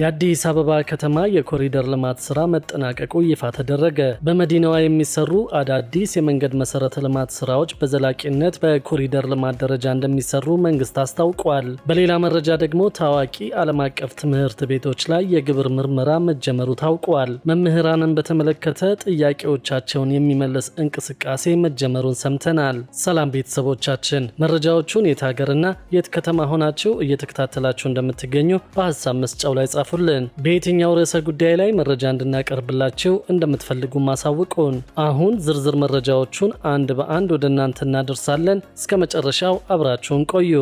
የአዲስ አበባ ከተማ የኮሪደር ልማት ስራ መጠናቀቁ ይፋ ተደረገ። በመዲናዋ የሚሰሩ አዳዲስ የመንገድ መሰረተ ልማት ስራዎች በዘላቂነት በኮሪደር ልማት ደረጃ እንደሚሰሩ መንግስት አስታውቋል። በሌላ መረጃ ደግሞ ታዋቂ ዓለም አቀፍ ትምህርት ቤቶች ላይ የግብር ምርመራ መጀመሩ ታውቋል። መምህራንን በተመለከተ ጥያቄዎቻቸውን የሚመልስ እንቅስቃሴ መጀመሩን ሰምተናል። ሰላም ቤተሰቦቻችን፣ መረጃዎቹን የት ሀገርና የት ከተማ ሆናችሁ እየተከታተላችሁ እንደምትገኙ በሀሳብ መስጫው ላይ ጻፉልን። በየትኛው ርዕሰ ጉዳይ ላይ መረጃ እንድናቀርብላችሁ እንደምትፈልጉ ማሳውቁን። አሁን ዝርዝር መረጃዎቹን አንድ በአንድ ወደ እናንተ እናደርሳለን። እስከ መጨረሻው አብራችሁን ቆዩ።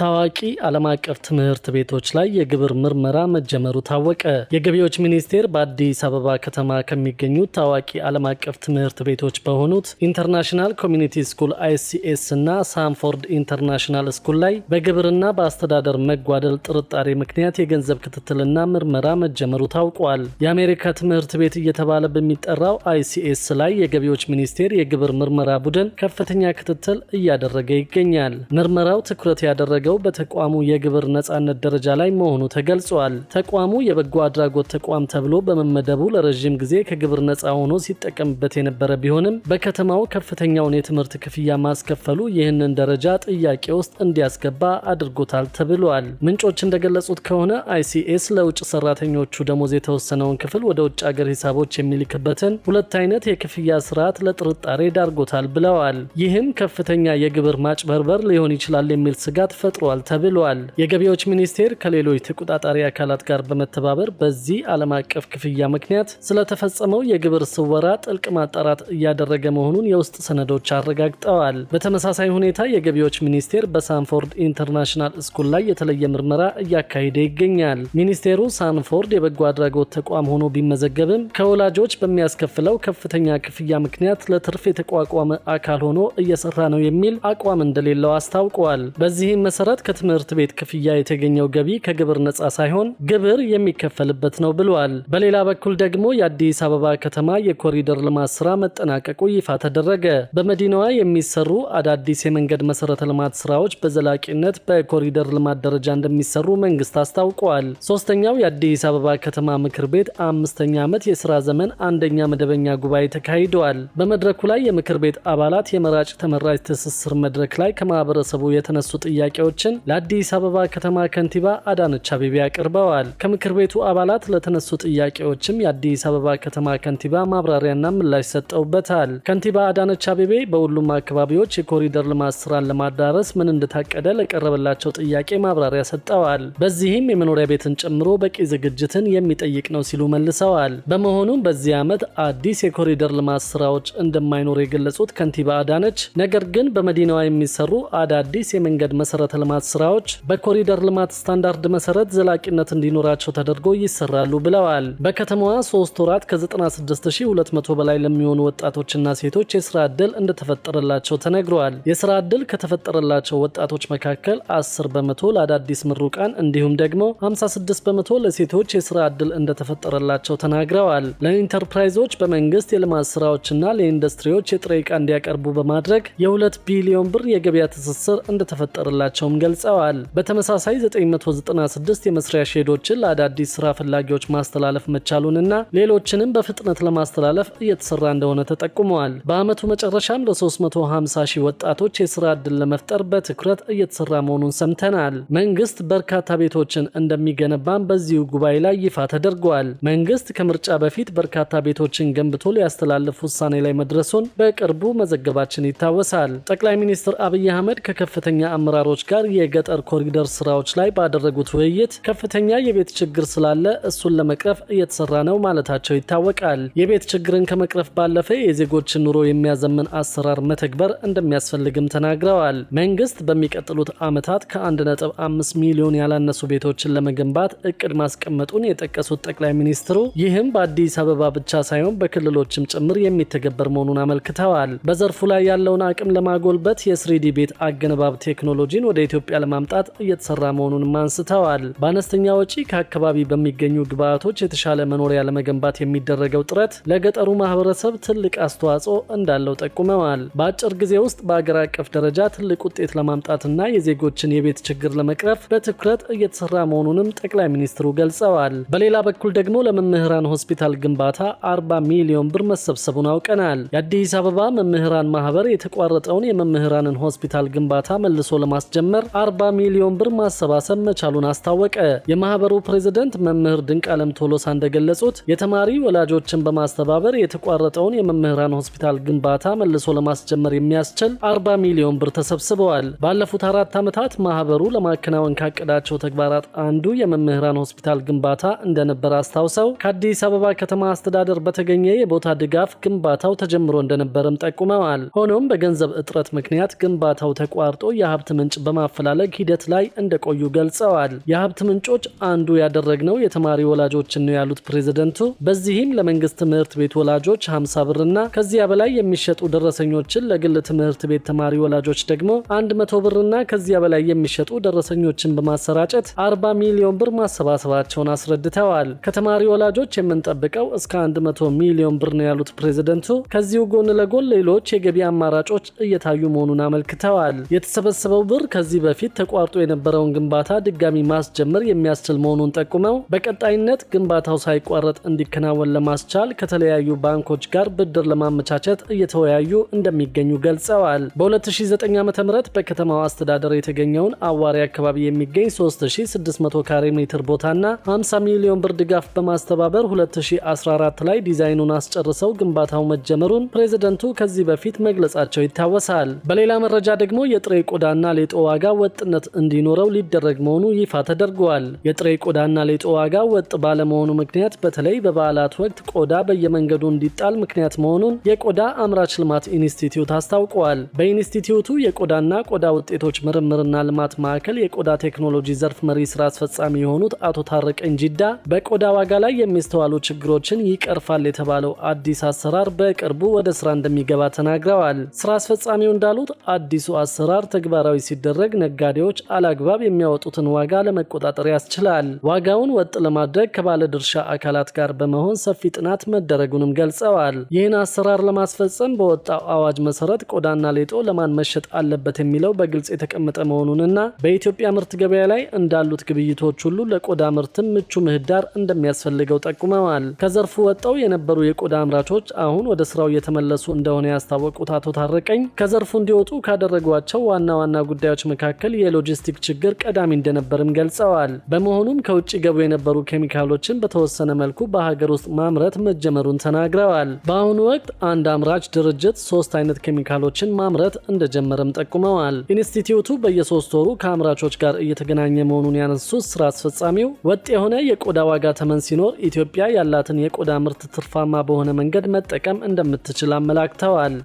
ታዋቂ ዓለም አቀፍ ትምህርት ቤቶች ላይ የግብር ምርመራ መጀመሩ ታወቀ። የገቢዎች ሚኒስቴር በአዲስ አበባ ከተማ ከሚገኙት ታዋቂ ዓለም አቀፍ ትምህርት ቤቶች በሆኑት ኢንተርናሽናል ኮሚኒቲ ስኩል አይሲኤስ እና ሳንፎርድ ኢንተርናሽናል ስኩል ላይ በግብርና በአስተዳደር መጓደል ጥርጣሬ ምክንያት የገንዘብ ክትትልና ምርመራ መጀመሩ ታውቋል። የአሜሪካ ትምህርት ቤት እየተባለ በሚጠራው አይሲኤስ ላይ የገቢዎች ሚኒስቴር የግብር ምርመራ ቡድን ከፍተኛ ክትትል እያደረገ ይገኛል። ምርመራው ትኩረት ያደረገ የተደረገው በተቋሙ የግብር ነጻነት ደረጃ ላይ መሆኑ ተገልጿል። ተቋሙ የበጎ አድራጎት ተቋም ተብሎ በመመደቡ ለረዥም ጊዜ ከግብር ነጻ ሆኖ ሲጠቀምበት የነበረ ቢሆንም በከተማው ከፍተኛውን የትምህርት ክፍያ ማስከፈሉ ይህንን ደረጃ ጥያቄ ውስጥ እንዲያስገባ አድርጎታል ተብሏል። ምንጮች እንደገለጹት ከሆነ አይሲኤስ ለውጭ ሰራተኞቹ ደሞዝ የተወሰነውን ክፍል ወደ ውጭ አገር ሂሳቦች የሚልክበትን ሁለት አይነት የክፍያ ስርዓት ለጥርጣሬ ዳርጎታል ብለዋል። ይህም ከፍተኛ የግብር ማጭበርበር ሊሆን ይችላል የሚል ስጋት ተፈጥሯል ተብሏል። የገቢዎች ሚኒስቴር ከሌሎች ተቆጣጣሪ አካላት ጋር በመተባበር በዚህ ዓለም አቀፍ ክፍያ ምክንያት ስለተፈጸመው የግብር ስወራ ጥልቅ ማጣራት እያደረገ መሆኑን የውስጥ ሰነዶች አረጋግጠዋል። በተመሳሳይ ሁኔታ የገቢዎች ሚኒስቴር በሳንፎርድ ኢንተርናሽናል ስኩል ላይ የተለየ ምርመራ እያካሄደ ይገኛል። ሚኒስቴሩ ሳንፎርድ የበጎ አድራጎት ተቋም ሆኖ ቢመዘገብም ከወላጆች በሚያስከፍለው ከፍተኛ ክፍያ ምክንያት ለትርፍ የተቋቋመ አካል ሆኖ እየሰራ ነው የሚል አቋም እንደሌለው አስታውቋል። በዚህም መሰ መሰረት ከትምህርት ቤት ክፍያ የተገኘው ገቢ ከግብር ነጻ ሳይሆን ግብር የሚከፈልበት ነው ብለዋል። በሌላ በኩል ደግሞ የአዲስ አበባ ከተማ የኮሪደር ልማት ስራ መጠናቀቁ ይፋ ተደረገ። በመዲናዋ የሚሰሩ አዳዲስ የመንገድ መሰረተ ልማት ስራዎች በዘላቂነት በኮሪደር ልማት ደረጃ እንደሚሰሩ መንግስት አስታውቋል። ሶስተኛው የአዲስ አበባ ከተማ ምክር ቤት አምስተኛ ዓመት የስራ ዘመን አንደኛ መደበኛ ጉባኤ ተካሂደዋል። በመድረኩ ላይ የምክር ቤት አባላት የመራጭ ተመራጭ ትስስር መድረክ ላይ ከማህበረሰቡ የተነሱ ጥያቄዎች ጥያቄዎችን ለአዲስ አበባ ከተማ ከንቲባ አዳነች አቤቤ አቅርበዋል። ከምክር ቤቱ አባላት ለተነሱ ጥያቄዎችም የአዲስ አበባ ከተማ ከንቲባ ማብራሪያና ምላሽ ሰጠውበታል። ከንቲባ አዳነች አቤቤ በሁሉም አካባቢዎች የኮሪደር ልማት ስራን ለማዳረስ ምን እንደታቀደ ለቀረበላቸው ጥያቄ ማብራሪያ ሰጠዋል። በዚህም የመኖሪያ ቤትን ጨምሮ በቂ ዝግጅትን የሚጠይቅ ነው ሲሉ መልሰዋል። በመሆኑም በዚህ ዓመት አዲስ የኮሪደር ልማት ስራዎች እንደማይኖር የገለጹት ከንቲባ አዳነች ነገር ግን በመዲናዋ የሚሰሩ አዳዲስ የመንገድ መሰረተ ልማት ስራዎች በኮሪደር ልማት ስታንዳርድ መሰረት ዘላቂነት እንዲኖራቸው ተደርጎ ይሰራሉ ብለዋል። በከተማዋ ሶስት ወራት ከ96200 በላይ ለሚሆኑ ወጣቶችና ሴቶች የስራ ዕድል እንደተፈጠረላቸው ተነግረዋል። የስራ ዕድል ከተፈጠረላቸው ወጣቶች መካከል 10 በመቶ ለአዳዲስ ምሩቃን እንዲሁም ደግሞ 56 በመቶ ለሴቶች የስራ ዕድል እንደተፈጠረላቸው ተናግረዋል። ለኢንተርፕራይዞች በመንግስት የልማት ስራዎችና ለኢንዱስትሪዎች የጥሬ ዕቃ እንዲያቀርቡ በማድረግ የሁለት ቢሊዮን ብር የገበያ ትስስር እንደተፈጠረላቸው መሆናቸውም ገልጸዋል። በተመሳሳይ 996 የመስሪያ ሼዶችን ለአዳዲስ ስራ ፈላጊዎች ማስተላለፍ መቻሉንና ሌሎችንም በፍጥነት ለማስተላለፍ እየተሰራ እንደሆነ ተጠቁመዋል። በአመቱ መጨረሻም ለ350 ሺህ ወጣቶች የስራ ዕድል ለመፍጠር በትኩረት እየተሰራ መሆኑን ሰምተናል። መንግስት በርካታ ቤቶችን እንደሚገነባም በዚሁ ጉባኤ ላይ ይፋ ተደርጓል። መንግስት ከምርጫ በፊት በርካታ ቤቶችን ገንብቶ ሊያስተላልፍ ውሳኔ ላይ መድረሱን በቅርቡ መዘገባችን ይታወሳል። ጠቅላይ ሚኒስትር አብይ አህመድ ከከፍተኛ አመራሮች ጋር ጋር የገጠር ኮሪደር ስራዎች ላይ ባደረጉት ውይይት ከፍተኛ የቤት ችግር ስላለ እሱን ለመቅረፍ እየተሰራ ነው ማለታቸው ይታወቃል። የቤት ችግርን ከመቅረፍ ባለፈ የዜጎችን ኑሮ የሚያዘምን አሰራር መተግበር እንደሚያስፈልግም ተናግረዋል። መንግስት በሚቀጥሉት ዓመታት ከ1.5 ሚሊዮን ያላነሱ ቤቶችን ለመገንባት እቅድ ማስቀመጡን የጠቀሱት ጠቅላይ ሚኒስትሩ ይህም በአዲስ አበባ ብቻ ሳይሆን በክልሎችም ጭምር የሚተገበር መሆኑን አመልክተዋል። በዘርፉ ላይ ያለውን አቅም ለማጎልበት የስሪዲ ቤት አገነባብ ቴክኖሎጂን ወደ ኢትዮጵያ ለማምጣት እየተሰራ መሆኑንም አንስተዋል። በአነስተኛ ወጪ ከአካባቢ በሚገኙ ግብዓቶች የተሻለ መኖሪያ ለመገንባት የሚደረገው ጥረት ለገጠሩ ማህበረሰብ ትልቅ አስተዋጽኦ እንዳለው ጠቁመዋል። በአጭር ጊዜ ውስጥ በአገር አቀፍ ደረጃ ትልቅ ውጤት ለማምጣትና የዜጎችን የቤት ችግር ለመቅረፍ በትኩረት እየተሰራ መሆኑንም ጠቅላይ ሚኒስትሩ ገልጸዋል። በሌላ በኩል ደግሞ ለመምህራን ሆስፒታል ግንባታ 40 ሚሊዮን ብር መሰብሰቡን አውቀናል። የአዲስ አበባ መምህራን ማህበር የተቋረጠውን የመምህራንን ሆስፒታል ግንባታ መልሶ ለማስጀመር በመጨመር 40 ሚሊዮን ብር ማሰባሰብ መቻሉን አስታወቀ። የማህበሩ ፕሬዝደንት መምህር ድንቅ አለም ቶሎሳ እንደገለጹት የተማሪ ወላጆችን በማስተባበር የተቋረጠውን የመምህራን ሆስፒታል ግንባታ መልሶ ለማስጀመር የሚያስችል 40 ሚሊዮን ብር ተሰብስበዋል። ባለፉት አራት ዓመታት ማህበሩ ለማከናወን ካቀዳቸው ተግባራት አንዱ የመምህራን ሆስፒታል ግንባታ እንደነበር አስታውሰው ከአዲስ አበባ ከተማ አስተዳደር በተገኘ የቦታ ድጋፍ ግንባታው ተጀምሮ እንደነበርም ጠቁመዋል። ሆኖም በገንዘብ እጥረት ምክንያት ግንባታው ተቋርጦ የሀብት ምንጭ በማ በማፈላለግ ሂደት ላይ እንደቆዩ ገልጸዋል። የሀብት ምንጮች አንዱ ያደረግነው የተማሪ ወላጆችን ነው ያሉት ፕሬዝደንቱ፣ በዚህም ለመንግስት ትምህርት ቤት ወላጆች 50 ብርና ከዚያ በላይ የሚሸጡ ደረሰኞችን፣ ለግል ትምህርት ቤት ተማሪ ወላጆች ደግሞ 100 ብርና ከዚያ በላይ የሚሸጡ ደረሰኞችን በማሰራጨት 40 ሚሊዮን ብር ማሰባሰባቸውን አስረድተዋል። ከተማሪ ወላጆች የምንጠብቀው እስከ 100 ሚሊዮን ብር ነው ያሉት ፕሬዝደንቱ፣ ከዚሁ ጎን ለጎን ሌሎች የገቢ አማራጮች እየታዩ መሆኑን አመልክተዋል። የተሰበሰበው ብር ከዚ ከዚህ በፊት ተቋርጦ የነበረውን ግንባታ ድጋሚ ማስጀመር የሚያስችል መሆኑን ጠቁመው በቀጣይነት ግንባታው ሳይቋረጥ እንዲከናወን ለማስቻል ከተለያዩ ባንኮች ጋር ብድር ለማመቻቸት እየተወያዩ እንደሚገኙ ገልጸዋል። በ2009 ዓ ም በከተማው አስተዳደር የተገኘውን አዋሪ አካባቢ የሚገኝ 3600 ካሬ ሜትር ቦታና 50 ሚሊዮን ብር ድጋፍ በማስተባበር 2014 ላይ ዲዛይኑን አስጨርሰው ግንባታው መጀመሩን ፕሬዝደንቱ ከዚህ በፊት መግለጻቸው ይታወሳል። በሌላ መረጃ ደግሞ የጥሬ ቆዳና ሌጦ ዋጋ ዋጋ ወጥነት እንዲኖረው ሊደረግ መሆኑ ይፋ ተደርገዋል። የጥሬ ቆዳና ሌጦ ዋጋ ወጥ ባለመሆኑ ምክንያት በተለይ በበዓላት ወቅት ቆዳ በየመንገዱ እንዲጣል ምክንያት መሆኑን የቆዳ አምራች ልማት ኢንስቲትዩት አስታውቀዋል። በኢንስቲትዩቱ የቆዳና ቆዳ ውጤቶች ምርምርና ልማት ማዕከል የቆዳ ቴክኖሎጂ ዘርፍ መሪ ስራ አስፈጻሚ የሆኑት አቶ ታረቀኝ ጂዳ በቆዳ ዋጋ ላይ የሚስተዋሉ ችግሮችን ይቀርፋል የተባለው አዲስ አሰራር በቅርቡ ወደ ስራ እንደሚገባ ተናግረዋል። ስራ አስፈጻሚው እንዳሉት አዲሱ አሰራር ተግባራዊ ሲደረግ በማድረግ ነጋዴዎች አላግባብ የሚያወጡትን ዋጋ ለመቆጣጠር ያስችላል። ዋጋውን ወጥ ለማድረግ ከባለ ድርሻ አካላት ጋር በመሆን ሰፊ ጥናት መደረጉንም ገልጸዋል። ይህን አሰራር ለማስፈጸም በወጣው አዋጅ መሰረት ቆዳና ሌጦ ለማን መሸጥ አለበት የሚለው በግልጽ የተቀመጠ መሆኑንና በኢትዮጵያ ምርት ገበያ ላይ እንዳሉት ግብይቶች ሁሉ ለቆዳ ምርትም ምቹ ምህዳር እንደሚያስፈልገው ጠቁመዋል። ከዘርፉ ወጥተው የነበሩ የቆዳ አምራቾች አሁን ወደ ስራው እየተመለሱ እንደሆነ ያስታወቁት አቶ ታረቀኝ ከዘርፉ እንዲወጡ ካደረጓቸው ዋና ዋና ጉዳዮች መካከል የሎጂስቲክ ችግር ቀዳሚ እንደነበርም ገልጸዋል። በመሆኑም ከውጭ ገቡ የነበሩ ኬሚካሎችን በተወሰነ መልኩ በሀገር ውስጥ ማምረት መጀመሩን ተናግረዋል። በአሁኑ ወቅት አንድ አምራች ድርጅት ሶስት አይነት ኬሚካሎችን ማምረት እንደጀመረም ጠቁመዋል። ኢንስቲትዩቱ በየሶስት ወሩ ከአምራቾች ጋር እየተገናኘ መሆኑን ያነሱት ስራ አስፈጻሚው ወጥ የሆነ የቆዳ ዋጋ ተመን ሲኖር ኢትዮጵያ ያላትን የቆዳ ምርት ትርፋማ በሆነ መንገድ መጠቀም እንደምትችል አመላክተዋል።